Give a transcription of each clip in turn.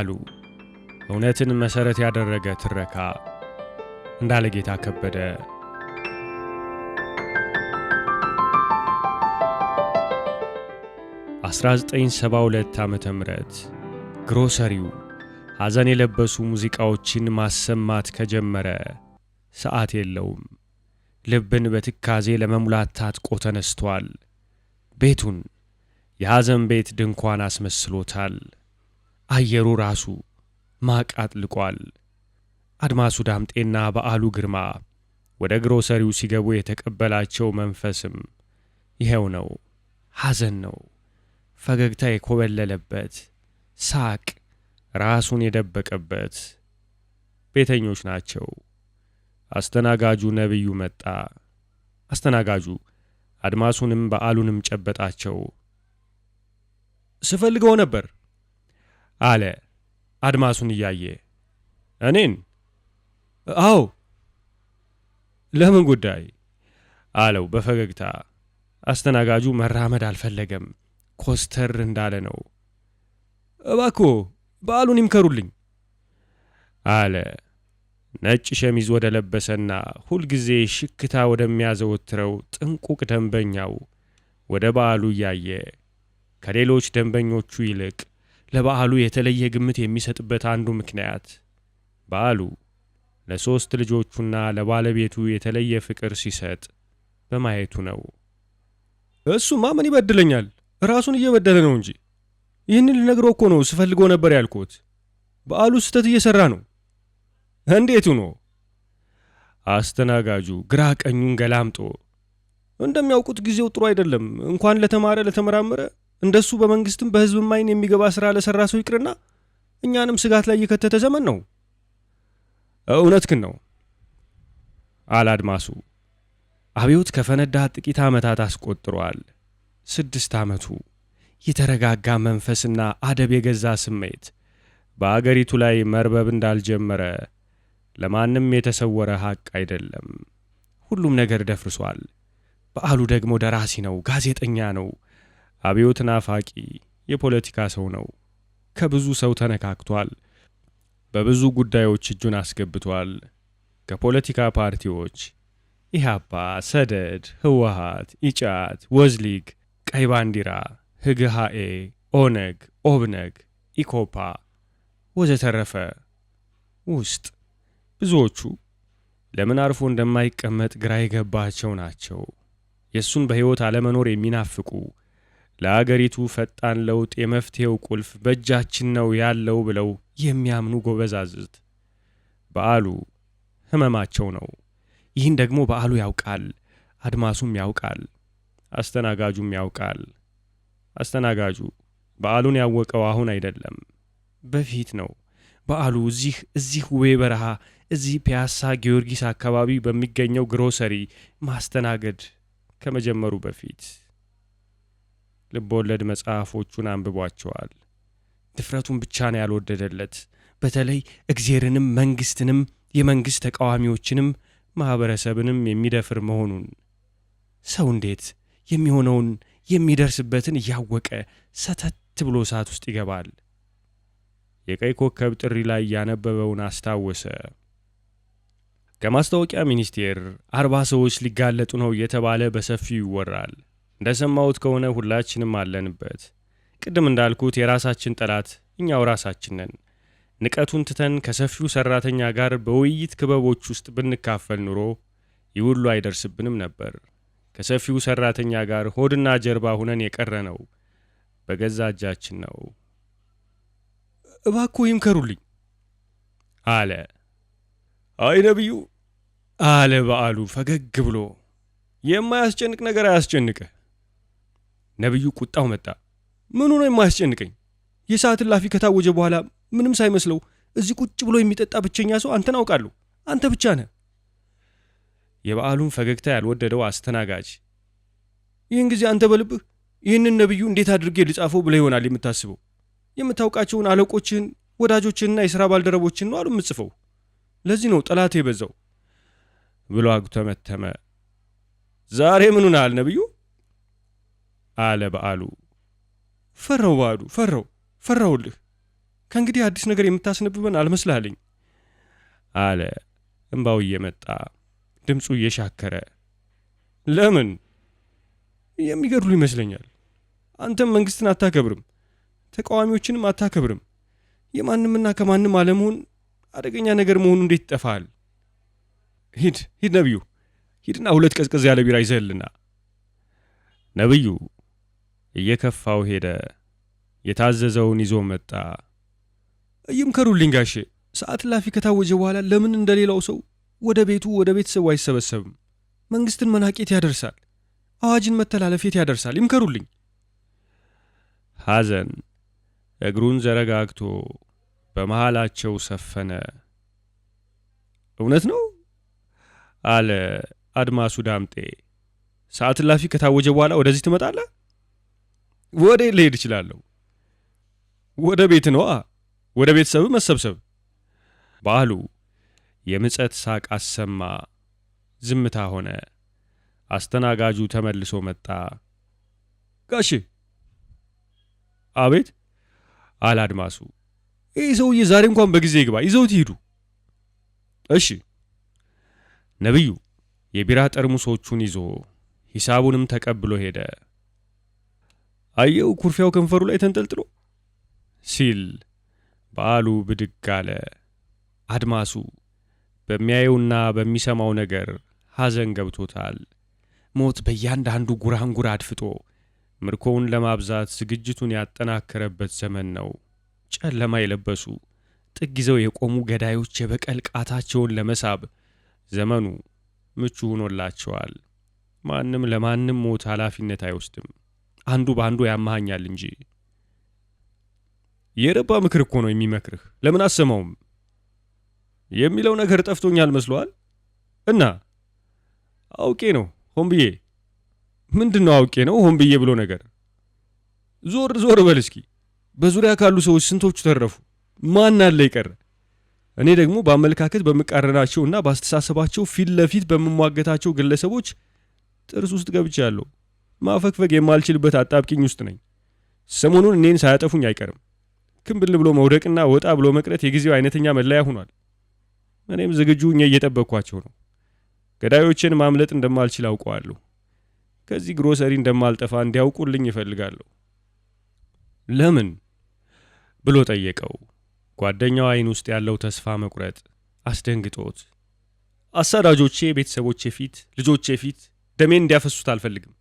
አሉ። እውነትን መሠረት ያደረገ ትረካ እንዳለ ጌታ ከበደ። አስራ ዘጠኝ ሰባ ሁለት ዓመተ ግሮሰሪው ሐዘን የለበሱ ሙዚቃዎችን ማሰማት ከጀመረ ሰዓት የለውም። ልብን በትካዜ ለመሙላት ታጥቆ ተነስቷል። ቤቱን የሐዘን ቤት ድንኳን አስመስሎታል። አየሩ ራሱ ማቅ አጥልቋል። አድማሱ ዳምጤና በዓሉ ግርማ ወደ ግሮሰሪው ሲገቡ የተቀበላቸው መንፈስም ይኸው ነው። ሐዘን ነው፣ ፈገግታ የኮበለለበት፣ ሳቅ ራሱን የደበቀበት። ቤተኞች ናቸው። አስተናጋጁ ነቢዩ መጣ። አስተናጋጁ አድማሱንም በዓሉንም ጨበጣቸው። ስፈልገው ነበር አለ አድማሱን እያየ። እኔን? አዎ። ለምን ጉዳይ አለው በፈገግታ። አስተናጋጁ መራመድ አልፈለገም፣ ኮስተር እንዳለ ነው። እባኮ በዓሉን ይምከሩልኝ አለ። ነጭ ሸሚዝ ወደ ለበሰና ሁልጊዜ ሽክታ ወደሚያዘወትረው ጥንቁቅ ደንበኛው ወደ በዓሉ እያየ ከሌሎች ደንበኞቹ ይልቅ ለበዓሉ የተለየ ግምት የሚሰጥበት አንዱ ምክንያት በዓሉ ለሦስት ልጆቹና ለባለቤቱ የተለየ ፍቅር ሲሰጥ በማየቱ ነው። እሱማ ምን ይበድለኛል? ራሱን እየበደለ ነው እንጂ። ይህንን ልነግረው እኮ ነው ስፈልገው ነበር ያልኩት። በዓሉ ስህተት እየሠራ ነው። እንዴቱ ነው? አስተናጋጁ ግራ ቀኙን ገላምጦ እንደሚያውቁት ጊዜው ጥሩ አይደለም። እንኳን ለተማረ ለተመራመረ እንደሱ በመንግስትም በህዝብም አይን የሚገባ ስራ ለሰራ ሰው ይቅርና እኛንም ስጋት ላይ የከተተ ዘመን ነው። እውነትህን ነው አላድማሱ። አብዮት ከፈነዳ ጥቂት ዓመታት አስቆጥሯል። ስድስት ዓመቱ የተረጋጋ መንፈስና አደብ የገዛ ስሜት በአገሪቱ ላይ መርበብ እንዳልጀመረ ለማንም የተሰወረ ሐቅ አይደለም። ሁሉም ነገር ደፍርሷል። በዓሉ ደግሞ ደራሲ ነው፣ ጋዜጠኛ ነው፣ አብዮት ናፋቂ የፖለቲካ ሰው ነው። ከብዙ ሰው ተነካክቷል። በብዙ ጉዳዮች እጁን አስገብቷል። ከፖለቲካ ፓርቲዎች ኢህአፓ፣ ሰደድ፣ ህወሀት፣ ኢጫት፣ ወዝሊግ፣ ቀይ ባንዲራ፣ ህግሃኤ፣ ኦነግ፣ ኦብነግ፣ ኢኮፓ ወዘተረፈ ውስጥ ብዙዎቹ ለምን አርፎ እንደማይቀመጥ ግራ የገባቸው ናቸው። የእሱን በሕይወት አለመኖር የሚናፍቁ ለአገሪቱ ፈጣን ለውጥ የመፍትሔው ቁልፍ በእጃችን ነው ያለው ብለው የሚያምኑ ጎበዛዝት በዓሉ ህመማቸው ነው። ይህን ደግሞ በዓሉ ያውቃል፣ አድማሱም ያውቃል፣ አስተናጋጁም ያውቃል። አስተናጋጁ በዓሉን ያወቀው አሁን አይደለም፣ በፊት ነው። በዓሉ እዚህ እዚህ ውቤ በረሃ እዚህ ፒያሳ ጊዮርጊስ አካባቢ በሚገኘው ግሮሰሪ ማስተናገድ ከመጀመሩ በፊት ወለድ መጽሐፎቹን አንብቧቸዋል። ድፍረቱን ብቻ ነው ያልወደደለት። በተለይ እግዜርንም መንግስትንም የመንግሥት ተቃዋሚዎችንም ማኅበረሰብንም የሚደፍር መሆኑን ሰው እንዴት የሚሆነውን የሚደርስበትን እያወቀ ሰተት ብሎ እሳት ውስጥ ይገባል? የቀይ ኮከብ ጥሪ ላይ ያነበበውን አስታወሰ። ከማስታወቂያ ሚኒስቴር አርባ ሰዎች ሊጋለጡ ነው እየተባለ በሰፊው ይወራል። እንደሰማሁት ከሆነ ሁላችንም አለንበት። ቅድም እንዳልኩት የራሳችን ጠላት እኛው ራሳችን ነን። ንቀቱን ትተን ከሰፊው ሰራተኛ ጋር በውይይት ክበቦች ውስጥ ብንካፈል ኑሮ ይህ ሁሉ አይደርስብንም ነበር። ከሰፊው ሰራተኛ ጋር ሆድና ጀርባ ሁነን የቀረነው በገዛ እጃችን ነው። እባክዎ ይምከሩልኝ አለ። አይ ነቢዩ አለ በዓሉ ፈገግ ብሎ የማያስጨንቅ ነገር አያስጨንቅህ ነቢዩ ቁጣው መጣ። ምኑ ነው የማያስጨንቀኝ? የሰዓት እላፊ ከታወጀ በኋላ ምንም ሳይመስለው እዚህ ቁጭ ብሎ የሚጠጣ ብቸኛ ሰው አንተን አውቃለሁ። አንተ ብቻ ነህ። የበዓሉን ፈገግታ ያልወደደው አስተናጋጅ ይህን ጊዜ አንተ በልብህ ይህንን ነቢዩ እንዴት አድርጌ ልጻፈው ብለህ ይሆናል የምታስበው። የምታውቃቸውን አለቆችህን፣ ወዳጆችህንና የሥራ ባልደረቦችን ነው አሉ የምጽፈው። ለዚህ ነው ጠላት የበዛው ብሎ አጉተመተመ። ዛሬ ምኑናል ነቢዩ አለ በዓሉ። ፈራው በዓሉ ፈራው ፈራውልህ። ከእንግዲህ አዲስ ነገር የምታስነብበን አልመስላልኝ አለ እምባው እየመጣ ድምፁ እየሻከረ። ለምን የሚገድሉ ይመስለኛል። አንተም መንግስትን አታከብርም፣ ተቃዋሚዎችንም አታከብርም። የማንምና ከማንም አለመሆን አደገኛ ነገር መሆኑ እንዴት ይጠፋል? ሂድ ሂድ ነቢዩ ሂድና ሁለት ቀዝቀዝ ያለ ቢራ ይዘህልና ነቢዩ እየከፋው ሄደ። የታዘዘውን ይዞ መጣ። ይምከሩልኝ ጋሼ፣ ሰዓት ላፊ ከታወጀ በኋላ ለምን እንደሌላው ሰው ወደ ቤቱ ወደ ቤተሰቡ አይሰበሰብም? መንግስትን መናቄት ያደርሳል፣ አዋጅን የት ያደርሳል። ይምከሩልኝ። ሐዘን እግሩን ዘረጋግቶ በመሃላቸው ሰፈነ። እውነት ነው አለ አድማሱ ዳምጤ። ሰዓት ላፊ ከታወጀ በኋላ ወደዚህ ትመጣለህ? ወደ ልሄድ እችላለሁ? ወደ ቤት ነዋ፣ ወደ ቤተሰብ መሰብሰብ። ባህሉ የምጸት ሳቅ አሰማ። ዝምታ ሆነ። አስተናጋጁ ተመልሶ መጣ። ጋሽ አቤት አለ አድማሱ። ይህ ሰውዬ ዛሬ እንኳን በጊዜ ይግባ፣ ይዘውት ይሂዱ። እሺ ነቢዩ የቢራ ጠርሙሶቹን ይዞ ሂሳቡንም ተቀብሎ ሄደ። አየው ኩርፊያው ከንፈሩ ላይ ተንጠልጥሎ ሲል በዓሉ ብድግ አለ። አድማሱ በሚያየውና በሚሰማው ነገር ሐዘን ገብቶታል። ሞት በእያንዳንዱ ጉራንጉር አድፍጦ ምርኮውን ለማብዛት ዝግጅቱን ያጠናከረበት ዘመን ነው። ጨለማ የለበሱ ጥግ ይዘው የቆሙ ገዳዮች የበቀል ቃታቸውን ለመሳብ ዘመኑ ምቹ ሆኖላቸዋል። ማንም ለማንም ሞት ኃላፊነት አይወስድም። አንዱ በአንዱ ያመሃኛል እንጂ የረባ ምክር እኮ ነው የሚመክርህ፣ ለምን አሰማውም የሚለው ነገር ጠፍቶኛል መስሏል። እና አውቄ ነው ሆን ብዬ። ምንድን ነው አውቄ ነው ሆን ብዬ ብሎ ነገር? ዞር ዞር በል እስኪ። በዙሪያ ካሉ ሰዎች ስንቶቹ ተረፉ? ማን አለ ይቀር? እኔ ደግሞ በአመለካከት በምቃረናቸው እና በአስተሳሰባቸው ፊት ለፊት በምሟገታቸው ግለሰቦች ጥርስ ውስጥ ገብቻለሁ። ማፈግፈግ የማልችልበት አጣብቂኝ ውስጥ ነኝ። ሰሞኑን እኔን ሳያጠፉኝ አይቀርም። ክምብል ብሎ መውደቅና ወጣ ብሎ መቅረት የጊዜው አይነተኛ መለያ ሁኗል። እኔም ዝግጁ እኛ እየጠበቅኳቸው ነው። ገዳዮችን ማምለጥ እንደማልችል አውቀዋለሁ። ከዚህ ግሮሰሪ እንደማልጠፋ እንዲያውቁልኝ ይፈልጋለሁ። ለምን ብሎ ጠየቀው። ጓደኛው አይን ውስጥ ያለው ተስፋ መቁረጥ አስደንግጦት፣ አሳዳጆቼ ቤተሰቦቼ ፊት ልጆቼ ፊት ደሜን እንዲያፈሱት አልፈልግም።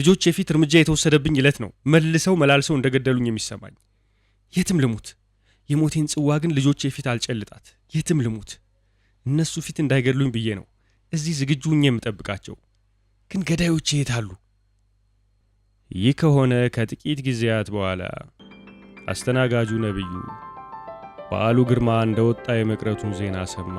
ልጆች የፊት እርምጃ የተወሰደብኝ ዕለት ነው መልሰው መላልሰው እንደገደሉኝ የሚሰማኝ። የትም ልሙት፣ የሞቴን ጽዋ ግን ልጆች የፊት አልጨልጣት። የትም ልሙት፣ እነሱ ፊት እንዳይገድሉኝ ብዬ ነው እዚህ ዝግጁ ሁኜ የምጠብቃቸው። ግን ገዳዮች የት አሉ? ይህ ከሆነ ከጥቂት ጊዜያት በኋላ አስተናጋጁ ነቢዩ በዓሉ ግርማ እንደወጣ የመቅረቱን ዜና ሰማ።